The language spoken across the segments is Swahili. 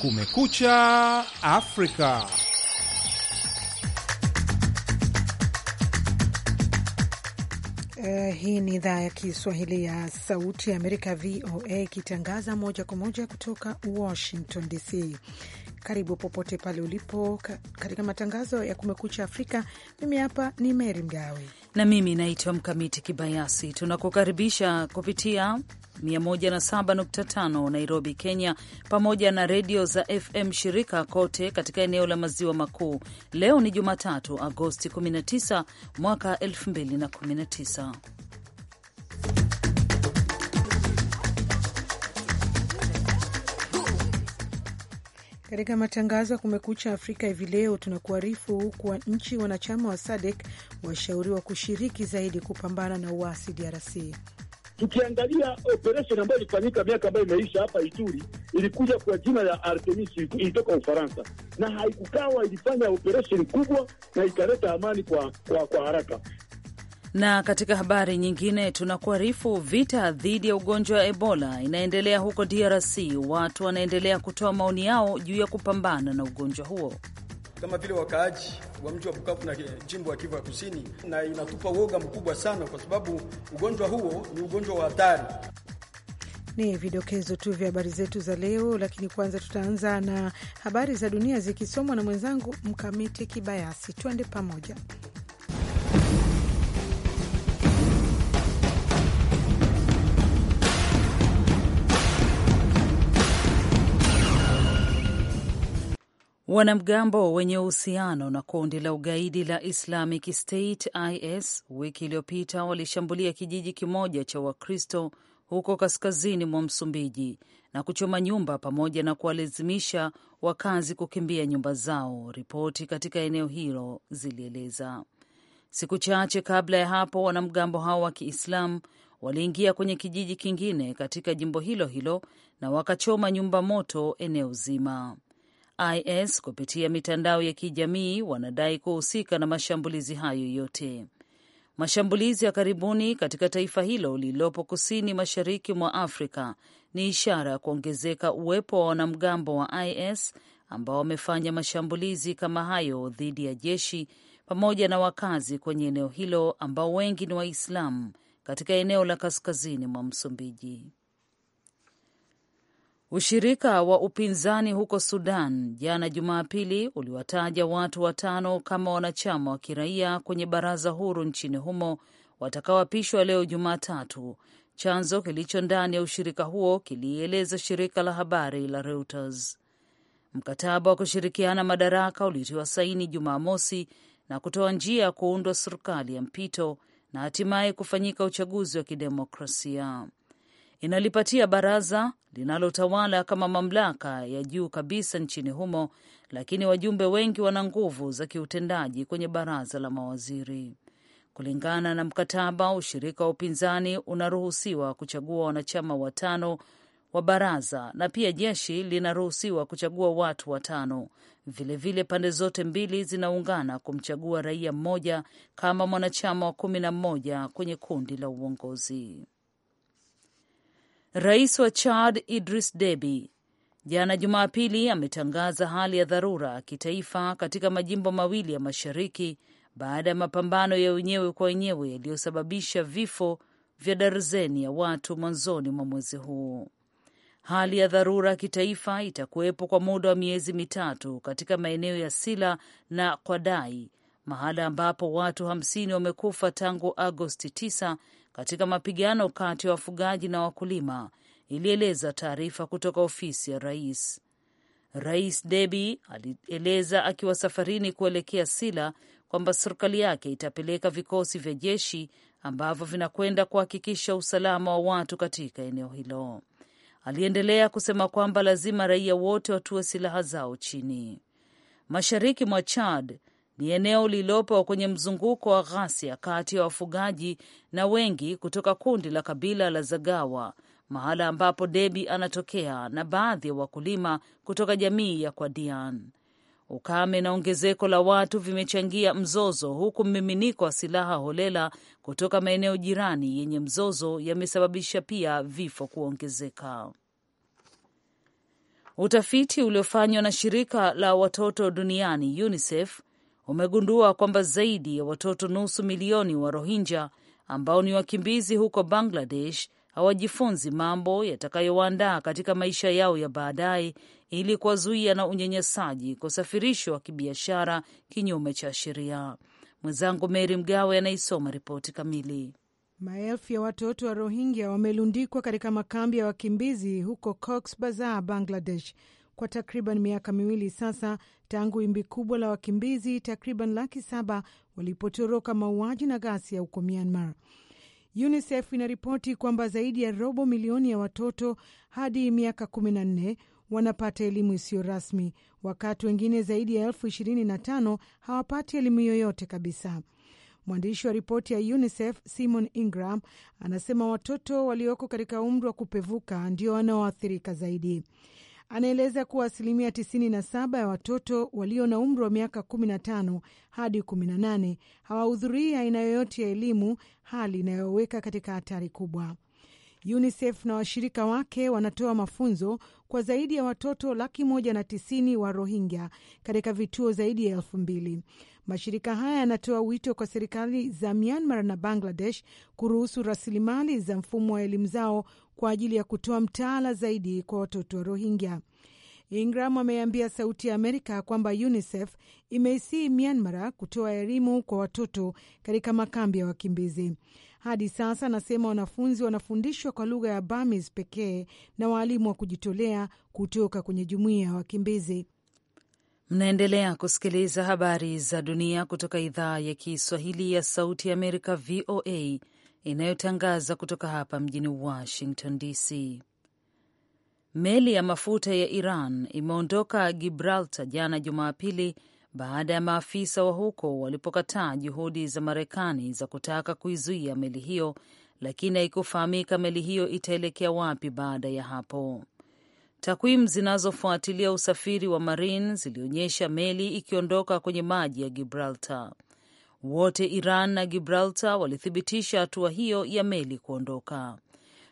Kumekucha Afrika. Uh, hii ni idhaa ya Kiswahili ya Sauti ya Amerika, VOA, ikitangaza moja kwa moja kutoka Washington DC. Karibu popote pale ulipo katika matangazo ya Kumekucha Afrika. Mimi hapa ni Meri Mgawe na mimi naitwa Mkamiti Kibayasi. Tunakukaribisha kupitia 107.5 Nairobi, Kenya, pamoja na redio za FM shirika kote katika eneo la maziwa makuu. Leo ni Jumatatu, Agosti 19 mwaka 2019. Katika matangazo ya Kumekucha Afrika hivi leo tunakuarifu kuwa nchi wanachama wa SADC washauriwa kushiriki zaidi kupambana na uasi DRC. Tukiangalia operation ambayo ilifanyika miaka ambayo imeisha hapa Ituri, ilikuja kwa jina la Artemis, ilitoka Ufaransa na haikukawa, ilifanya operation kubwa na ikaleta amani kwa, kwa, kwa haraka na katika habari nyingine tunakuarifu, vita dhidi ya ugonjwa wa Ebola inaendelea huko DRC. Watu wanaendelea kutoa maoni yao juu ya kupambana na ugonjwa huo kama vile wakaaji wa mji wa Bukavu na jimbo ya Kivu ya Kusini, na inatupa woga mkubwa sana, kwa sababu ugonjwa huo ni ugonjwa wa hatari. Ni vidokezo tu vya habari zetu za leo, lakini kwanza tutaanza na habari za dunia zikisomwa na mwenzangu Mkamiti Kibayasi. Tuende pamoja. Wanamgambo wenye uhusiano na kundi la ugaidi la Islamic State IS wiki iliyopita walishambulia kijiji kimoja cha Wakristo huko kaskazini mwa Msumbiji na kuchoma nyumba pamoja na kuwalazimisha wakazi kukimbia nyumba zao, ripoti katika eneo hilo zilieleza. Siku chache kabla ya hapo, wanamgambo hao wa Kiislamu waliingia kwenye kijiji kingine katika jimbo hilo hilo na wakachoma nyumba moto eneo zima. IS kupitia mitandao ya kijamii wanadai kuhusika na mashambulizi hayo yote. Mashambulizi ya karibuni katika taifa hilo lililopo kusini mashariki mwa Afrika ni ishara ya kuongezeka uwepo wa wanamgambo wa IS ambao wamefanya mashambulizi kama hayo dhidi ya jeshi pamoja na wakazi kwenye eneo hilo ambao wengi ni Waislamu katika eneo la kaskazini mwa Msumbiji. Ushirika wa upinzani huko Sudan jana Jumapili uliwataja watu watano kama wanachama wa kiraia kwenye baraza huru nchini humo watakaoapishwa leo Jumatatu. Chanzo kilicho ndani ya ushirika huo kilieleza shirika la habari la Reuters. Mkataba wa kushirikiana madaraka ulitiwa saini Jumamosi na kutoa njia ya kuundwa serikali ya mpito na hatimaye kufanyika uchaguzi wa kidemokrasia inalipatia baraza linalotawala kama mamlaka ya juu kabisa nchini humo, lakini wajumbe wengi wana nguvu za kiutendaji kwenye baraza la mawaziri. Kulingana na mkataba, ushirika wa upinzani unaruhusiwa kuchagua wanachama watano wa baraza na pia jeshi linaruhusiwa kuchagua watu watano. Vilevile vile pande zote mbili zinaungana kumchagua raia mmoja kama mwanachama wa kumi na mmoja kwenye kundi la uongozi. Rais wa Chad Idris Deby jana Jumapili ametangaza hali ya dharura kitaifa katika majimbo mawili ya mashariki baada ya mapambano ya wenyewe kwa wenyewe yaliyosababisha vifo vya darzeni ya watu mwanzoni mwa mwezi huu. Hali ya dharura ya kitaifa itakuwepo kwa muda wa miezi mitatu katika maeneo ya Sila na Kwadai, mahala ambapo watu hamsini wamekufa tangu Agosti 9 katika mapigano kati ya wafugaji na wakulima, ilieleza taarifa kutoka ofisi ya rais. Rais Deby alieleza akiwa safarini kuelekea Sila kwamba serikali yake itapeleka vikosi vya jeshi ambavyo vinakwenda kuhakikisha usalama wa watu katika eneo hilo. Aliendelea kusema kwamba lazima raia wote watue silaha zao chini. Mashariki mwa Chad, ni eneo lililopo kwenye mzunguko wa ghasia kati ya wafugaji na wengi kutoka kundi la kabila la zagawa mahala ambapo Debi anatokea na baadhi ya wa wakulima kutoka jamii ya Kwadian. Ukame na ongezeko la watu vimechangia mzozo, huku mmiminiko wa silaha holela kutoka maeneo jirani yenye mzozo yamesababisha pia vifo kuongezeka. Utafiti uliofanywa na shirika la watoto duniani UNICEF umegundua kwamba zaidi ya watoto nusu milioni wa Rohingya ambao ni wakimbizi huko Bangladesh hawajifunzi mambo yatakayowaandaa katika maisha yao ya baadaye ili kuwazuia na unyanyasaji kusafirishwa kibiashara kinyume cha sheria. Mwenzangu mery Mgawe anaisoma ripoti kamili. Maelfu ya watoto wa Rohingya wamelundikwa katika makambi ya wakimbizi huko Cox Bazar, Bangladesh, kwa takriban miaka miwili sasa tangu wimbi kubwa la wakimbizi takriban laki saba walipotoroka mauaji na ghasia huko Myanmar. UNICEF inaripoti kwamba zaidi ya robo milioni ya watoto hadi miaka kumi na nne wanapata elimu isiyo rasmi, wakati wengine zaidi ya elfu ishirini na tano hawapati elimu yoyote kabisa. Mwandishi wa ripoti ya UNICEF Simon Ingram anasema watoto walioko katika umri wa kupevuka ndio wanaoathirika zaidi anaeleza kuwa asilimia 97 ya watoto walio na umri wa miaka 15 hadi 18 hawahudhurii aina yoyote ya elimu, hali inayoweka katika hatari kubwa. UNICEF na washirika wake wanatoa mafunzo kwa zaidi ya watoto laki moja na tisini wa Rohingya katika vituo zaidi ya elfu mbili. Mashirika haya yanatoa wito kwa serikali za Myanmar na Bangladesh kuruhusu rasilimali za mfumo wa elimu zao kwa ajili ya kutoa mtaala zaidi kwa watoto wa Rohingya. Ingram ameambia Sauti ya Amerika kwamba UNICEF imeisii Myanmar kutoa elimu kwa watoto katika makambi ya wakimbizi. Hadi sasa, anasema wanafunzi wanafundishwa kwa lugha ya Burmese pekee na waalimu wa kujitolea kutoka kwenye jumuiya ya wakimbizi. Mnaendelea kusikiliza habari za dunia kutoka idhaa ya Kiswahili ya Sauti ya Amerika, VOA, inayotangaza kutoka hapa mjini Washington DC. Meli ya mafuta ya Iran imeondoka Gibraltar jana Jumapili baada ya maafisa wa huko walipokataa juhudi za Marekani za kutaka kuizuia meli hiyo, lakini haikufahamika meli hiyo itaelekea wapi baada ya hapo. Takwimu zinazofuatilia usafiri wa marine zilionyesha meli ikiondoka kwenye maji ya Gibraltar. Wote Iran na Gibraltar walithibitisha hatua hiyo ya meli kuondoka.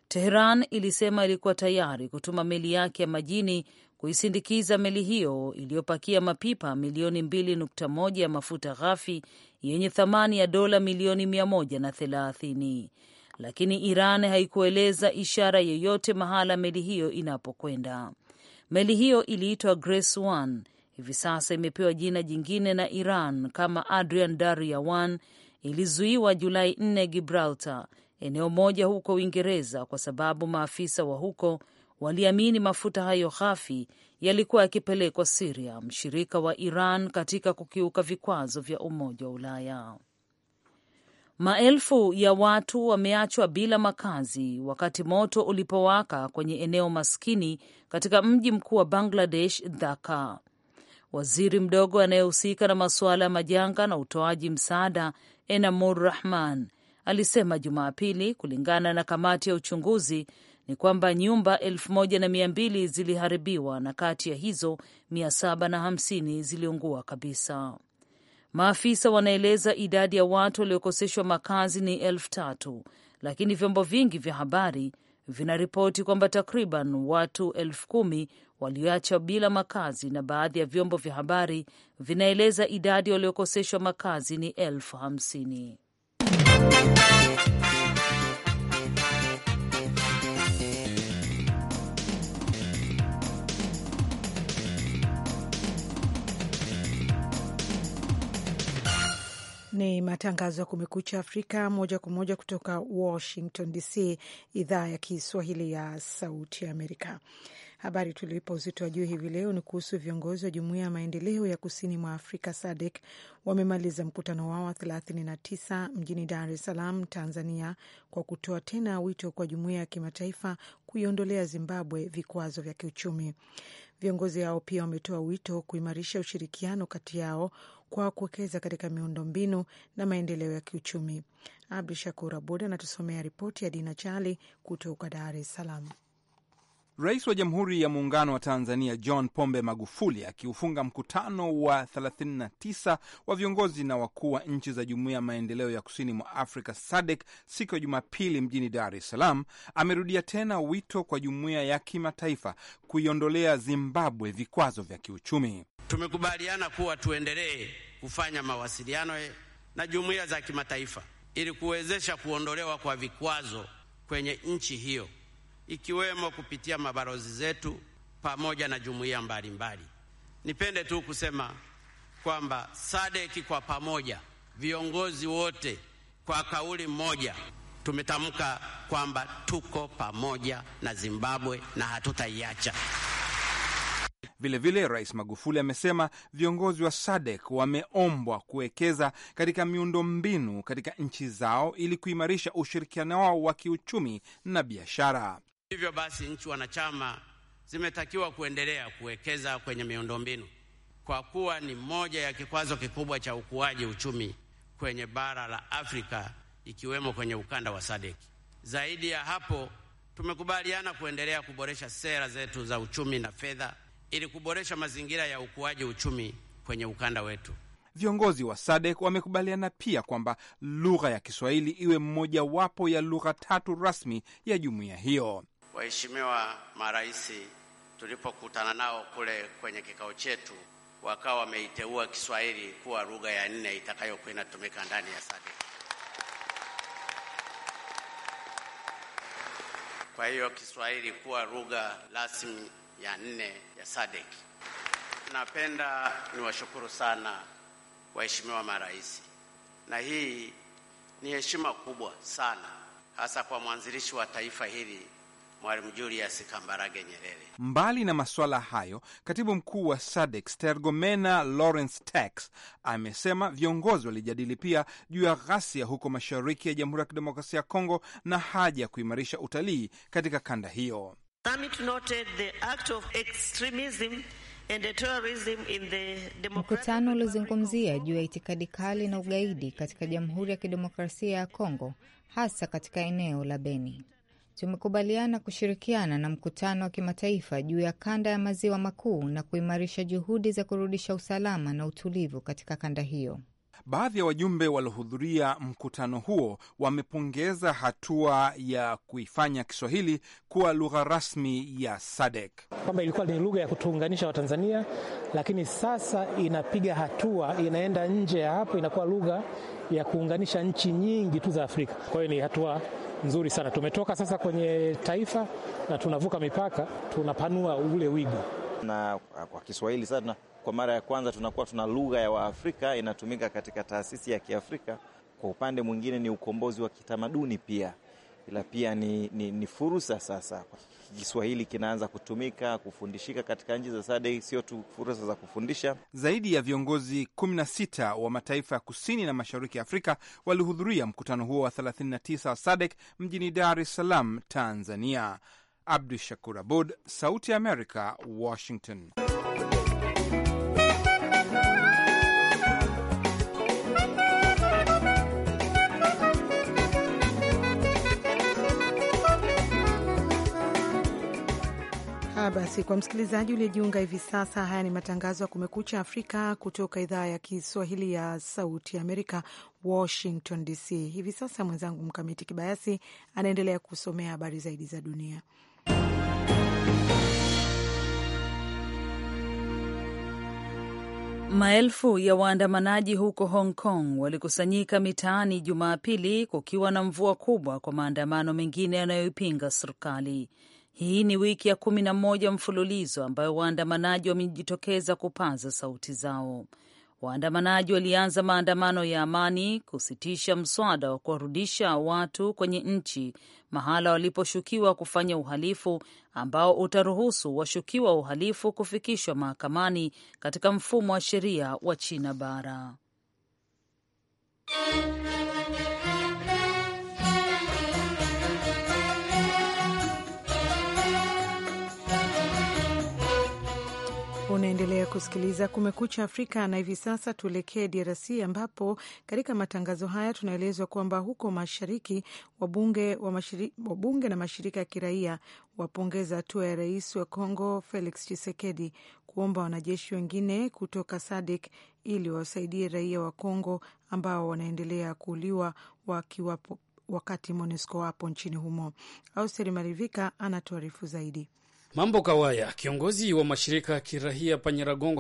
Teheran ilisema ilikuwa tayari kutuma meli yake ya majini kuisindikiza meli hiyo iliyopakia mapipa milioni 2.1 ya mafuta ghafi yenye thamani ya dola milioni 130, lakini Iran haikueleza ishara yoyote mahala meli hiyo inapokwenda. Meli hiyo iliitwa Grace One hivi sasa imepewa jina jingine na Iran kama Adrian Daryawan, ilizuiwa Julai 4 Gibraltar, eneo moja huko Uingereza, kwa sababu maafisa wa huko waliamini mafuta hayo ghafi yalikuwa yakipelekwa Siria, mshirika wa Iran katika kukiuka vikwazo vya Umoja wa Ulaya. Maelfu ya watu wameachwa bila makazi wakati moto ulipowaka kwenye eneo maskini katika mji mkuu wa Bangladesh, Dhaka. Waziri mdogo anayehusika na masuala ya majanga na utoaji msaada Enamur Rahman alisema Jumapili, kulingana na kamati ya uchunguzi, ni kwamba nyumba elfu moja na mia mbili ziliharibiwa na kati ya hizo mia saba na hamsini ziliungua kabisa. Maafisa wanaeleza idadi ya watu waliokoseshwa makazi ni elfu tatu lakini vyombo vingi vya habari vinaripoti kwamba takriban watu elfu kumi walioachwa bila makazi, na baadhi ya vyombo vya habari vinaeleza idadi waliokoseshwa makazi ni elfu hamsini. Ni matangazo ya Kumekucha Afrika moja kwa moja kutoka Washington DC, idhaa ya Kiswahili ya Sauti ya Amerika. Habari tuliipa uzito wa juu hivi leo ni kuhusu viongozi wa jumuiya ya maendeleo ya kusini mwa Afrika SADC wamemaliza mkutano wao wa 39 mjini Dar es Salaam, Tanzania, kwa kutoa tena wito kwa jumuiya ya kimataifa kuiondolea Zimbabwe vikwazo vya kiuchumi. Viongozi hao pia wametoa wito kuimarisha ushirikiano kati yao kwa kuwekeza katika miundombinu na maendeleo ya kiuchumi. Abdu Shakur Abud anatusomea ripoti ya Dina Chali kutoka Dar es Salaam. Rais wa Jamhuri ya Muungano wa Tanzania John Pombe Magufuli akiufunga mkutano wa 39 wa viongozi na wakuu wa nchi za Jumuiya ya Maendeleo ya Kusini mwa Afrika SADC siku ya Jumapili mjini Dar es Salaam amerudia tena wito kwa jumuiya ya kimataifa kuiondolea Zimbabwe vikwazo vya kiuchumi. Tumekubaliana kuwa tuendelee kufanya mawasiliano na jumuiya za kimataifa ili kuwezesha kuondolewa kwa vikwazo kwenye nchi hiyo ikiwemo kupitia mabalozi zetu pamoja na jumuiya mbalimbali. Nipende tu kusema kwamba SADC kwa pamoja, viongozi wote kwa kauli moja tumetamka kwamba tuko pamoja na Zimbabwe na hatutaiacha. Vilevile, Rais Magufuli amesema viongozi wa SADC wameombwa kuwekeza katika miundombinu katika nchi zao ili kuimarisha ushirikiano wao wa kiuchumi na biashara. Hivyo basi, nchi wanachama zimetakiwa kuendelea kuwekeza kwenye miundombinu kwa kuwa ni moja ya kikwazo kikubwa cha ukuaji uchumi kwenye bara la Afrika ikiwemo kwenye ukanda wa SADC. Zaidi ya hapo, tumekubaliana kuendelea kuboresha sera zetu za uchumi na fedha ili kuboresha mazingira ya ukuaji uchumi kwenye ukanda wetu. Viongozi wa SADC wamekubaliana pia kwamba lugha ya Kiswahili iwe mmojawapo ya lugha tatu rasmi ya jumuiya hiyo waheshimiwa marais tulipokutana nao kule kwenye kikao chetu, wakawa wameiteua Kiswahili kuwa lugha ya nne itakayokuwa inatumika ndani ya SADC. Kwa hiyo Kiswahili kuwa lugha rasmi ya nne ya SADC. Napenda niwashukuru sana waheshimiwa marais, na hii ni heshima kubwa sana hasa kwa mwanzilishi wa taifa hili Mwalimu Julius Kambarage Nyerere. Mbali na masuala hayo, katibu mkuu wa SADC Stergomena Lawrence Tax amesema viongozi walijadili pia juu ya ghasia huko mashariki ya Jamhuri ya Kidemokrasia ya Kongo na haja ya kuimarisha utalii katika kanda hiyo. Mkutano uliozungumzia juu ya itikadi kali na ugaidi katika Jamhuri ya Kidemokrasia ya Kongo, hasa katika eneo la Beni tumekubaliana kushirikiana na mkutano wa kimataifa juu ya kanda ya maziwa makuu na kuimarisha juhudi za kurudisha usalama na utulivu katika kanda hiyo. Baadhi ya wajumbe waliohudhuria mkutano huo wamepongeza hatua ya kuifanya Kiswahili kuwa lugha rasmi ya SADEK, kwamba ilikuwa ni lugha ya kutuunganisha Watanzania, lakini sasa inapiga hatua, inaenda nje ya hapo, inakuwa lugha ya kuunganisha nchi nyingi tu za Afrika. Kwa hiyo ni hatua nzuri sana. Tumetoka sasa kwenye taifa na tunavuka mipaka, tunapanua ule wigo. Na kwa Kiswahili sasa, kwa mara ya kwanza tunakuwa tuna lugha ya Waafrika inatumika katika taasisi ya Kiafrika. Kwa upande mwingine ni ukombozi wa kitamaduni pia, ila pia ni, ni, ni fursa sasa Kiswahili kinaanza kutumika kufundishika katika nchi za SADC, sio tu fursa za kufundisha. Zaidi ya viongozi 16 wa mataifa ya kusini na mashariki ya Afrika walihudhuria mkutano huo wa 39 wa SADC mjini Dar es Salaam, Tanzania. Abdu Shakur Abud, Sauti ya Amerika, Washington. basi, kwa msikilizaji uliyejiunga hivi sasa, haya ni matangazo ya Kumekucha Afrika kutoka idhaa ya Kiswahili ya Sauti Amerika, Washington DC. Hivi sasa mwenzangu Mkamiti Kibayasi anaendelea kusomea habari zaidi za dunia. Maelfu ya waandamanaji huko Hong Kong walikusanyika mitaani Jumapili kukiwa na mvua kubwa kwa maandamano mengine yanayoipinga serikali. Hii ni wiki ya kumi na moja mfululizo ambayo waandamanaji wamejitokeza kupaza sauti zao. Waandamanaji walianza maandamano ya amani kusitisha mswada wa kuwarudisha watu kwenye nchi mahala waliposhukiwa kufanya uhalifu ambao utaruhusu washukiwa wa uhalifu kufikishwa mahakamani katika mfumo wa sheria wa China bara. Unaendelea kusikiliza Kumekucha Afrika, na hivi sasa tuelekee DRC ambapo katika matangazo haya tunaelezwa kwamba huko mashariki wabunge, wa mashiri, wabunge na mashirika ya kiraia wapongeza hatua ya rais wa Congo Felix Tshisekedi kuomba wanajeshi wengine kutoka SADC ili wawasaidie raia wa Congo ambao wanaendelea kuuliwa wakiwapo wakati MONUSCO wapo nchini humo. Austeri Marivika anatuarifu zaidi. Mambo Kawaya, kiongozi wa mashirika ya kirahia pa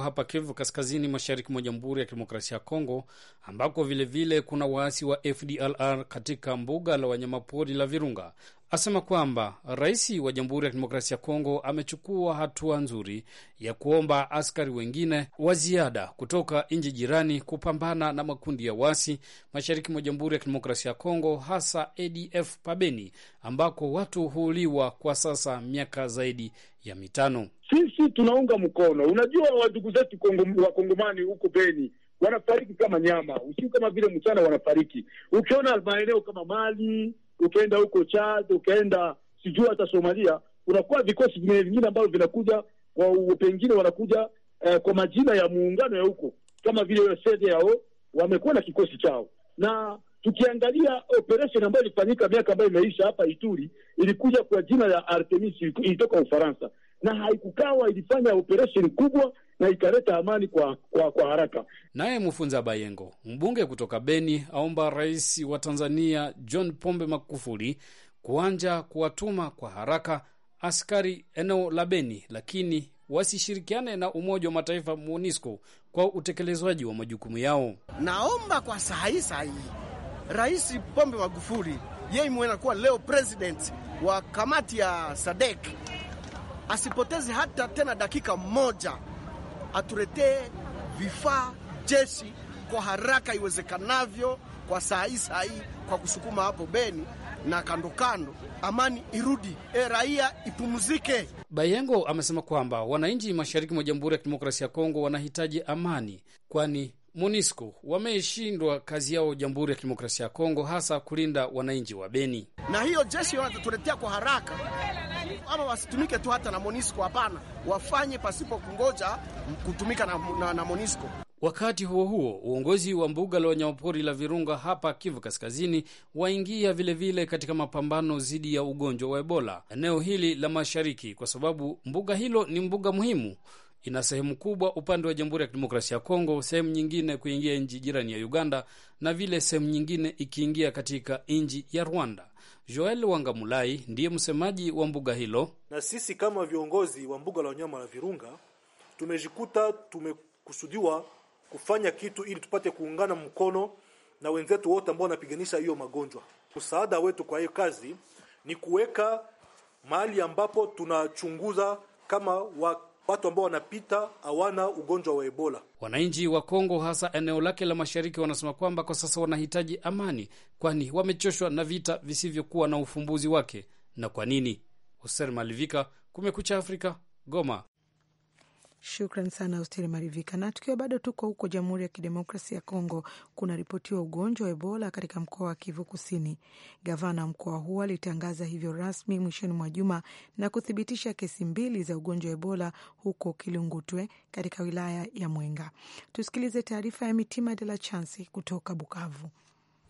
hapa Kivu Kaskazini, mashariki mwa Jamhuri ya Kidemokrasia ya Kongo, ambako vilevile vile kuna waasi wa FDLR katika mbuga la wanyamapori la Virunga, asema kwamba rais wa Jamhuri ya Kidemokrasia ya Kongo amechukua hatua nzuri ya kuomba askari wengine wa ziada kutoka nchi jirani kupambana na makundi ya wasi mashariki mwa Jamhuri ya Kidemokrasia ya Kongo, hasa ADF Pabeni, ambako watu huuliwa kwa sasa miaka zaidi ya mitano. Sisi tunaunga mkono. Unajua, wandugu zetu wakongomani huko Beni wanafariki kama nyama usiku, kama vile mchana wanafariki. Ukiona maeneo kama Mali ukaenda huko Chad, ukaenda sijua hata Somalia, unakuwa vikosi vingine ambavyo vinakuja kwa pengine wanakuja eh, kwa majina ya muungano ya huko kama vile yao wamekuwa na kikosi chao, na tukiangalia operation ambayo ilifanyika miaka ambayo imeisha hapa Ituri ilikuja kwa jina la Artemis, ilitoka Ufaransa na haikukawa, ilifanya operesheni kubwa na ikaleta amani kwa, kwa, kwa haraka. Naye Mfunza Bayengo, mbunge kutoka Beni, aomba rais wa Tanzania John Pombe Magufuli kuanja kuwatuma kwa haraka askari eneo la Beni, lakini wasishirikiane na Umoja wa Mataifa MONUSCO kwa utekelezwaji wa majukumu yao. Naomba kwa saa hii saa hii Rais Pombe Magufuli yeye mwenakuwa leo president wa kamati ya Sadek asipoteze hata tena dakika moja, atuletee vifaa jeshi kwa haraka iwezekanavyo, kwa saa hii saa hii, kwa kusukuma hapo Beni na kando kando, amani irudi, e, raia ipumzike. Bayengo amesema kwamba wananchi mashariki mwa Jamhuri ya Kidemokrasia ya Kongo wanahitaji amani, kwani MONUSCO wameshindwa kazi yao Jamhuri ya Kidemokrasia ya Kongo, hasa kulinda wananchi wa Beni, na hiyo jeshi wanatuletea kwa haraka ama wasitumike tu hata na Monisco. Hapana, wafanye pasipo kungoja kutumika na, na, na Monisco. Wakati huo huo, uongozi wa mbuga la wanyamapori la Virunga hapa Kivu Kaskazini waingia vilevile vile katika mapambano dhidi ya ugonjwa wa Ebola eneo hili la mashariki, kwa sababu mbuga hilo ni mbuga muhimu ina sehemu kubwa upande wa Jamhuri ya Kidemokrasia ya Kongo, sehemu nyingine kuingia nchi jirani ya Uganda, na vile sehemu nyingine ikiingia katika nchi ya Rwanda. Joel Wangamulai ndiye msemaji wa mbuga hilo. Na sisi kama viongozi wa mbuga la wanyama la Virunga tumejikuta tumekusudiwa kufanya kitu ili tupate kuungana mkono na wenzetu wote ambao wanapiganisha hiyo magonjwa. Msaada wetu kwa hiyo kazi ni kuweka mahali ambapo tunachunguza kama wa watu ambao wanapita hawana ugonjwa wa Ebola. Wananchi wa Kongo, hasa eneo lake la mashariki, wanasema kwamba kwa sasa wanahitaji amani, kwani wamechoshwa na vita visivyokuwa na ufumbuzi wake. Na kwa nini? Hosen Malivika, Kumekucha Afrika, Goma. Shukran sana Austeri Marivika. Na tukiwa bado tuko huko Jamhuri ya Kidemokrasi ya Kongo, kunaripotiwa ugonjwa wa Ebola katika mkoa wa Kivu Kusini. Gavana wa mkoa huo alitangaza hivyo rasmi mwishoni mwa juma na kuthibitisha kesi mbili za ugonjwa wa Ebola huko Kilungutwe katika wilaya ya Mwenga. Tusikilize taarifa ya Mitima de la Chansi kutoka Bukavu.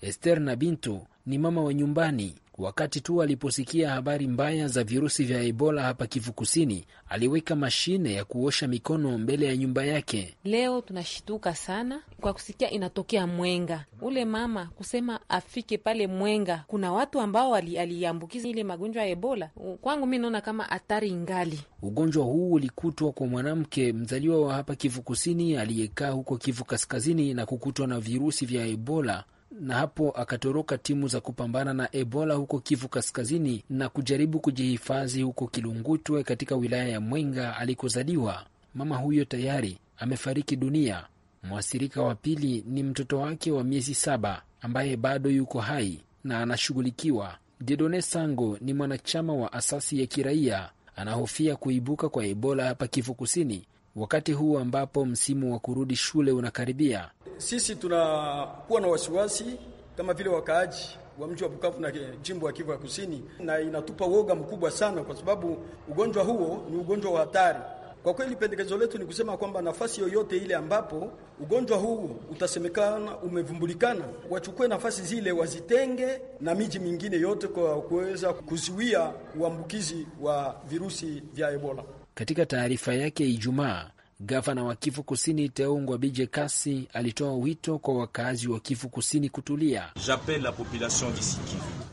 Ester na Binto ni mama wa nyumbani. Wakati tu aliposikia habari mbaya za virusi vya Ebola hapa Kivu Kusini, aliweka mashine ya kuosha mikono mbele ya nyumba yake. Leo tunashituka sana kwa kusikia inatokea Mwenga. Ule mama kusema afike pale Mwenga, kuna watu ambao aliambukiza ile magonjwa ya Ebola. Kwangu mi naona kama hatari ngali Ugonjwa huu ulikutwa kwa mwanamke mzaliwa wa hapa Kivu Kusini aliyekaa huko Kivu Kaskazini na kukutwa na virusi vya Ebola na hapo akatoroka timu za kupambana na Ebola huko Kivu Kaskazini na kujaribu kujihifadhi huko Kilungutwe katika wilaya ya Mwenga alikozaliwa. Mama huyo tayari amefariki dunia. Mwathirika wa pili ni mtoto wake wa miezi saba ambaye bado yuko hai na anashughulikiwa. Jedone Sango ni mwanachama wa asasi ya kiraia, anahofia kuibuka kwa Ebola hapa Kivu Kusini wakati huu ambapo msimu wa kurudi shule unakaribia. Sisi tunakuwa na wasiwasi kama vile wakaaji wa mji wa Bukavu na jimbo ya Kivu ya Kusini, na inatupa woga mkubwa sana, kwa sababu ugonjwa huo ni ugonjwa wa hatari. Kwa kweli pendekezo letu ni kusema kwamba nafasi yoyote ile ambapo ugonjwa huu utasemekana umevumbulikana, wachukue nafasi zile wazitenge na miji mingine yote kwa kuweza kuzuia uambukizi wa virusi vya Ebola. Katika taarifa yake Ijumaa, gavana wa Kivu Kusini Teungwa Bije Kasi alitoa wito kwa wakazi wa Kivu Kusini kutulia.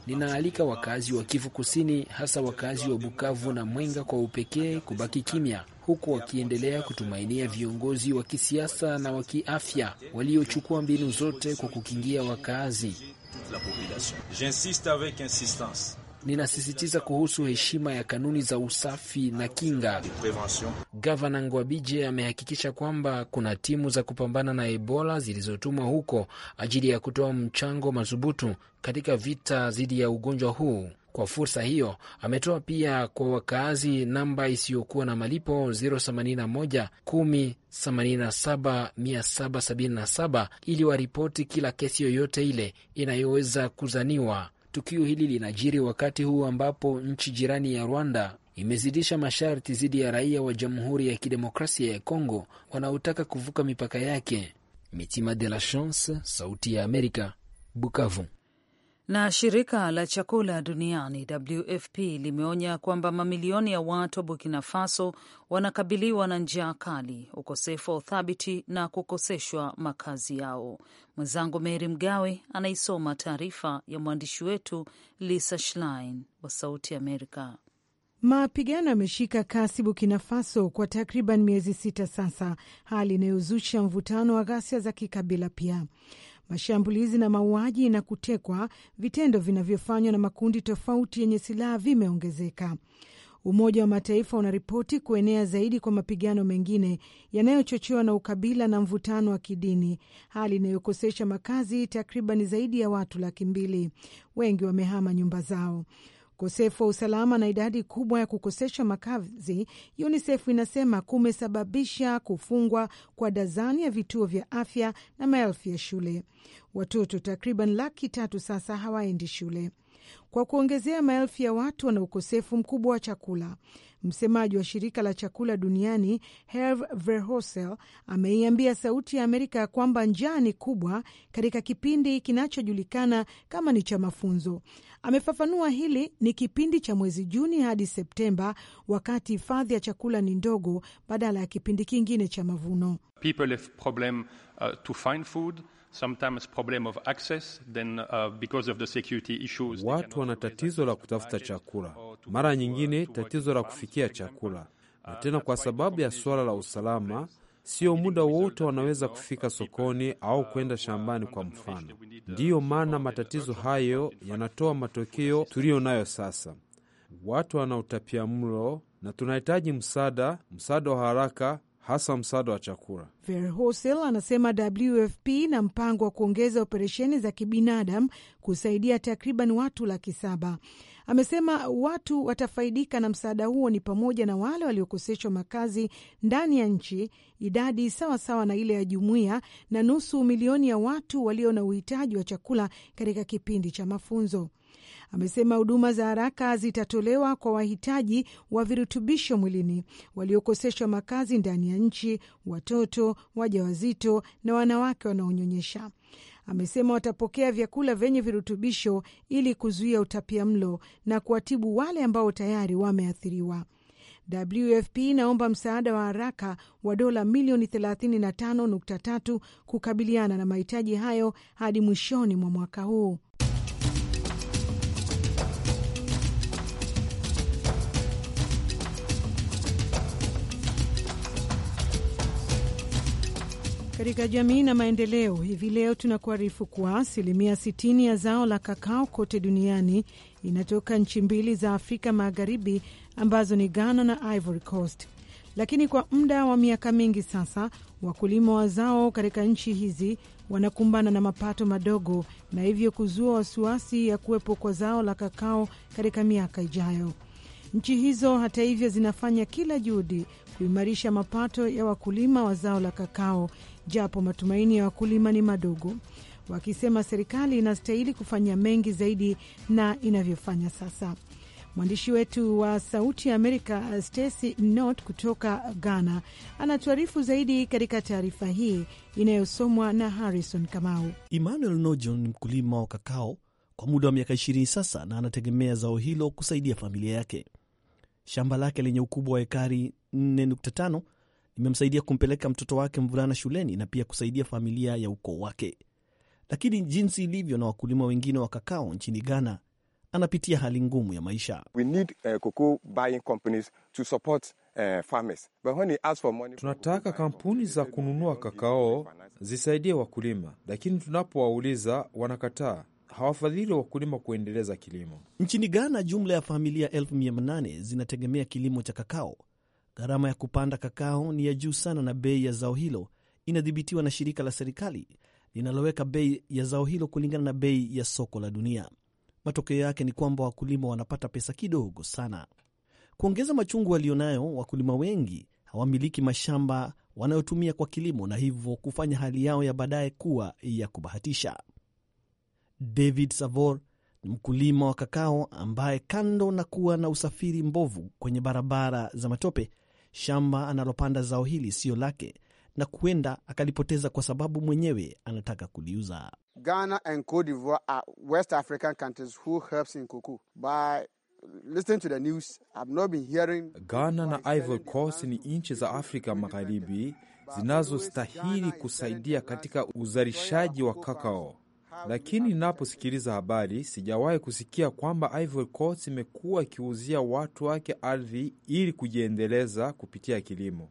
Ninaalika wakazi wa Kivu Kusini, hasa wakazi wa Bukavu na Mwenga kwa upekee, kubaki kimya, huku wakiendelea kutumainia viongozi wa kisiasa na wa kiafya waliochukua mbinu zote kwa kukingia wakazi ninasisitiza kuhusu heshima ya kanuni za usafi na kinga. Gavana Ngwabije amehakikisha kwamba kuna timu za kupambana na Ebola zilizotumwa huko ajili ya kutoa mchango madhubutu katika vita dhidi ya ugonjwa huu. Kwa fursa hiyo ametoa pia kwa wakaazi namba isiyokuwa na malipo 081 777 ili waripoti kila kesi yoyote ile inayoweza kuzaniwa. Tukio hili linajiri wakati huu ambapo nchi jirani ya Rwanda imezidisha masharti dhidi ya raia wa Jamhuri ya Kidemokrasia ya Kongo wanaotaka kuvuka mipaka yake. Mitima de la Chance, Sauti ya Amerika, Bukavu. Na shirika la chakula duniani WFP limeonya kwamba mamilioni ya watu wa Burkina Faso wanakabiliwa na njaa kali, ukosefu wa uthabiti na kukoseshwa makazi yao. Mwenzangu Meri Mgawe anaisoma taarifa ya mwandishi wetu Lisa Schlein wa Sauti Amerika. Mapigano yameshika kasi Burkina Faso kwa takriban miezi sita sasa, hali inayozusha mvutano wa ghasia za kikabila pia Mashambulizi na mauaji na kutekwa, vitendo vinavyofanywa na makundi tofauti yenye silaha vimeongezeka. Umoja wa Mataifa unaripoti kuenea zaidi kwa mapigano mengine yanayochochewa na ukabila na mvutano wa kidini, hali inayokosesha makazi takriban zaidi ya watu laki mbili. Wengi wamehama nyumba zao ukosefu wa usalama na idadi kubwa ya kukoseshwa makazi, UNICEF inasema kumesababisha kufungwa kwa dazani ya vituo vya afya na maelfu ya shule. Watoto takriban laki tatu sasa hawaendi shule kwa kuongezea maelfu ya watu wana ukosefu mkubwa wa chakula. Msemaji wa shirika la chakula duniani Herve Verhosel ameiambia Sauti ya Amerika kwamba njaa ni kubwa katika kipindi kinachojulikana kama ni cha mafunzo. Amefafanua hili ni kipindi cha mwezi Juni hadi Septemba, wakati hifadhi ya chakula ni ndogo badala ya kipindi kingine cha mavuno. People have problem, uh, to find food sometimes problem of access then, uh, because of the security issues. Watu wana tatizo la kutafuta chakula, mara uh, nyingine tatizo la kufikia chakula, uh, na tena kwa sababu ya suala la usalama Sio muda wote wanaweza kufika sokoni au uh, kwenda shambani, kwa mfano. Ndiyo maana matatizo hayo yanatoa matokeo tuliyo nayo sasa. Watu wana utapia mlo, na tunahitaji msaada, msaada wa haraka hasa msaada wa chakula. Verhosel anasema WFP na mpango wa kuongeza operesheni za kibinadamu kusaidia takriban watu laki saba. Amesema watu watafaidika na msaada huo ni pamoja na wale waliokoseshwa makazi ndani ya nchi, idadi sawa sawa na ile ya jumuiya, na nusu milioni ya watu walio na uhitaji wa chakula katika kipindi cha mafunzo. Amesema huduma za haraka zitatolewa kwa wahitaji wa virutubisho mwilini, waliokoseshwa makazi ndani ya nchi, watoto, wajawazito na wanawake wanaonyonyesha. Amesema watapokea vyakula vyenye virutubisho ili kuzuia utapia mlo na kuwatibu wale ambao tayari wameathiriwa. WFP inaomba msaada wa haraka wa dola milioni 35.3 kukabiliana na mahitaji hayo hadi mwishoni mwa mwaka huu. Katika jamii na maendeleo, hivi leo tunakuarifu kuwa asilimia 60 ya zao la kakao kote duniani inatoka nchi mbili za Afrika Magharibi ambazo ni Ghana na Ivory Coast. Lakini kwa muda wa miaka mingi sasa, wakulima wa zao katika nchi hizi wanakumbana na mapato madogo na hivyo kuzua wasiwasi ya kuwepo kwa zao la kakao katika miaka ijayo. Nchi hizo hata hivyo zinafanya kila juhudi kuimarisha mapato ya wakulima wa zao la kakao, japo matumaini ya wakulima ni madogo, wakisema serikali inastahili kufanya mengi zaidi na inavyofanya sasa. Mwandishi wetu wa Sauti ya Amerika Stacy Not kutoka Ghana anatuarifu zaidi katika taarifa hii inayosomwa na Harrison Kamau. Emmanuel Nojon ni mkulima wa kakao kwa muda wa miaka 20 sasa, na anategemea zao hilo kusaidia familia yake. Shamba lake lenye ukubwa wa hekari 4.5 limemsaidia kumpeleka mtoto wake mvulana shuleni na pia kusaidia familia ya ukoo wake. Lakini jinsi ilivyo na wakulima wengine wa kakao nchini Ghana, anapitia hali ngumu ya maisha. We need, uh, uh tunataka kampuni za kununua kakao zisaidie wakulima, lakini tunapowauliza wanakataa hawafadhili wakulima kuendeleza kilimo. Nchini Ghana, jumla ya familia 8 zinategemea kilimo cha kakao. Gharama ya kupanda kakao ni ya juu sana, na bei ya zao hilo inadhibitiwa na shirika la serikali linaloweka bei ya zao hilo kulingana na bei ya soko la dunia. Matokeo yake ni kwamba wakulima wanapata pesa kidogo sana. Kuongeza machungu walionayo, wakulima wengi hawamiliki mashamba wanayotumia kwa kilimo, na hivyo kufanya hali yao ya baadaye kuwa ya kubahatisha. David Savor ni mkulima wa kakao ambaye kando na kuwa na usafiri mbovu kwenye barabara za matope, shamba analopanda zao hili siyo lake na kuenda akalipoteza kwa sababu mwenyewe anataka kuliuza. Ghana and Cote d'Ivoire are West African countries who helps in cocoa by Ghana na Ivory Coast ni nchi za Afrika Magharibi zinazostahili kusaidia katika uzalishaji wa kakao lakini ninaposikiliza habari, sijawahi kusikia kwamba Ivory Coast imekuwa ikiuzia watu wake ardhi ili kujiendeleza kupitia kilimo,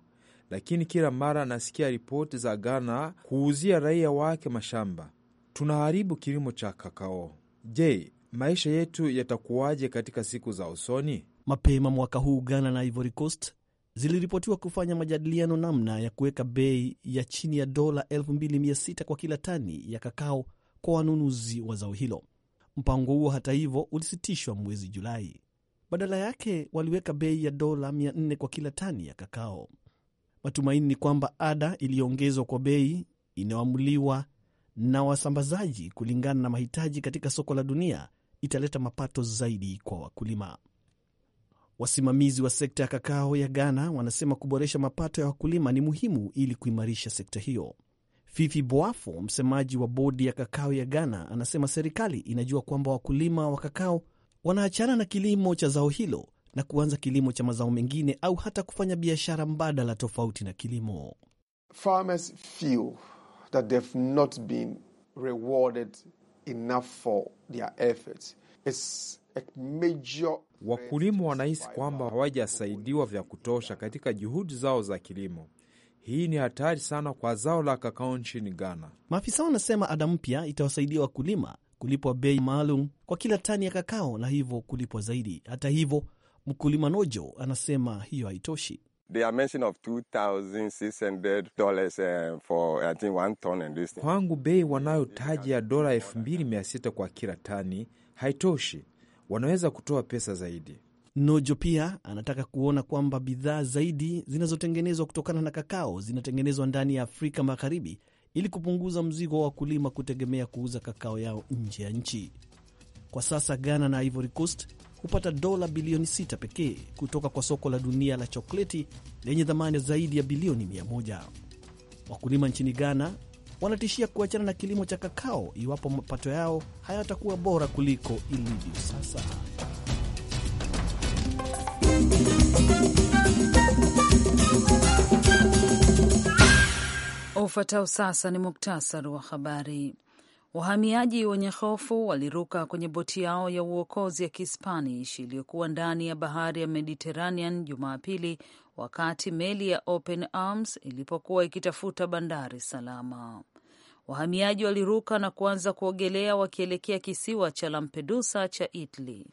lakini kila mara nasikia ripoti za Ghana kuuzia raia wake mashamba. Tunaharibu kilimo cha kakao. Je, maisha yetu yatakuwaje katika siku za usoni? Mapema mwaka huu Ghana na Ivory Coast ziliripotiwa kufanya majadiliano namna ya kuweka bei ya chini ya dola 2600 kwa kila tani ya kakao kwa wanunuzi wa zao hilo. Mpango huo hata hivyo ulisitishwa mwezi Julai. Badala yake waliweka bei ya dola 400 kwa kila tani ya kakao. Matumaini ni kwamba ada iliyoongezwa kwa bei inayoamuliwa na wasambazaji kulingana na mahitaji katika soko la dunia italeta mapato zaidi kwa wakulima. Wasimamizi wa sekta ya kakao ya Ghana wanasema kuboresha mapato ya wakulima ni muhimu ili kuimarisha sekta hiyo. Fifi Boafo, msemaji wa bodi ya kakao ya Ghana, anasema serikali inajua kwamba wakulima wa kakao wanaachana na kilimo cha zao hilo na kuanza kilimo cha mazao mengine au hata kufanya biashara mbadala tofauti na kilimo. Farmers feel that they've not been rewarded enough for their efforts. It's a major... wakulima wanahisi kwamba hawajasaidiwa vya kutosha katika juhudi zao za kilimo. Hii ni hatari sana kwa zao la kakao nchini Ghana. Maafisa wanasema ada mpya itawasaidia wakulima kulipwa bei maalum kwa kila tani ya kakao na hivyo kulipwa zaidi. Hata hivyo, mkulima Nojo anasema hiyo haitoshi. Eh, Kwangu bei wanayotaja ya dola 2600 kwa kila tani haitoshi. Wanaweza kutoa pesa zaidi. Nojo pia anataka kuona kwamba bidhaa zaidi zinazotengenezwa kutokana na kakao zinatengenezwa ndani ya Afrika Magharibi ili kupunguza mzigo wa wakulima kutegemea kuuza kakao yao nje ya nchi. Kwa sasa Ghana na Ivory Coast hupata dola bilioni 6 pekee kutoka kwa soko la dunia la chokleti lenye thamani zaidi ya bilioni 100. Wakulima nchini Ghana wanatishia kuachana na kilimo cha kakao iwapo mapato yao hayatakuwa bora kuliko ilivyo sasa. Ufuatao sasa ni muktasari wa habari. Wahamiaji wenye hofu waliruka kwenye boti yao ya uokozi ya Kispanish iliyokuwa ndani ya bahari ya Mediterranean Jumapili wakati meli ya Open Arms ilipokuwa ikitafuta bandari salama. Wahamiaji waliruka na kuanza kuogelea wakielekea kisiwa cha Lampedusa cha Italy.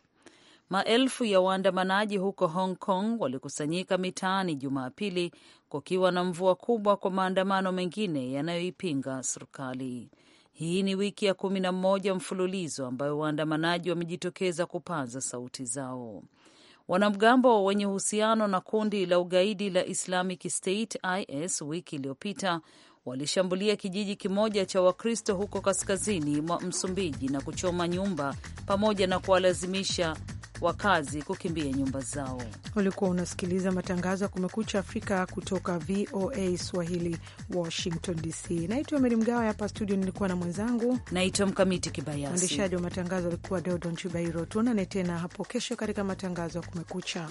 Maelfu ya waandamanaji huko Hong Kong walikusanyika mitaani Jumapili kukiwa na mvua kubwa kwa maandamano mengine yanayoipinga serikali. Hii ni wiki ya kumi na mmoja mfululizo ambayo waandamanaji wamejitokeza kupaza sauti zao. Wanamgambo wenye uhusiano na kundi la ugaidi la Islamic State IS wiki iliyopita walishambulia kijiji kimoja cha Wakristo huko kaskazini mwa Msumbiji na kuchoma nyumba pamoja na kuwalazimisha wakazi kukimbia nyumba zao. Ulikuwa unasikiliza matangazo ya Kumekucha Afrika kutoka VOA Swahili, Washington DC. Naitwa Meri Mgawa, hapa studio nilikuwa na mwenzangu naitwa Mkamiti Kibayasi. Mwendeshaji wa matangazo alikuwa Dodon Chubairo. Tuonane tena hapo kesho katika matangazo ya Kumekucha.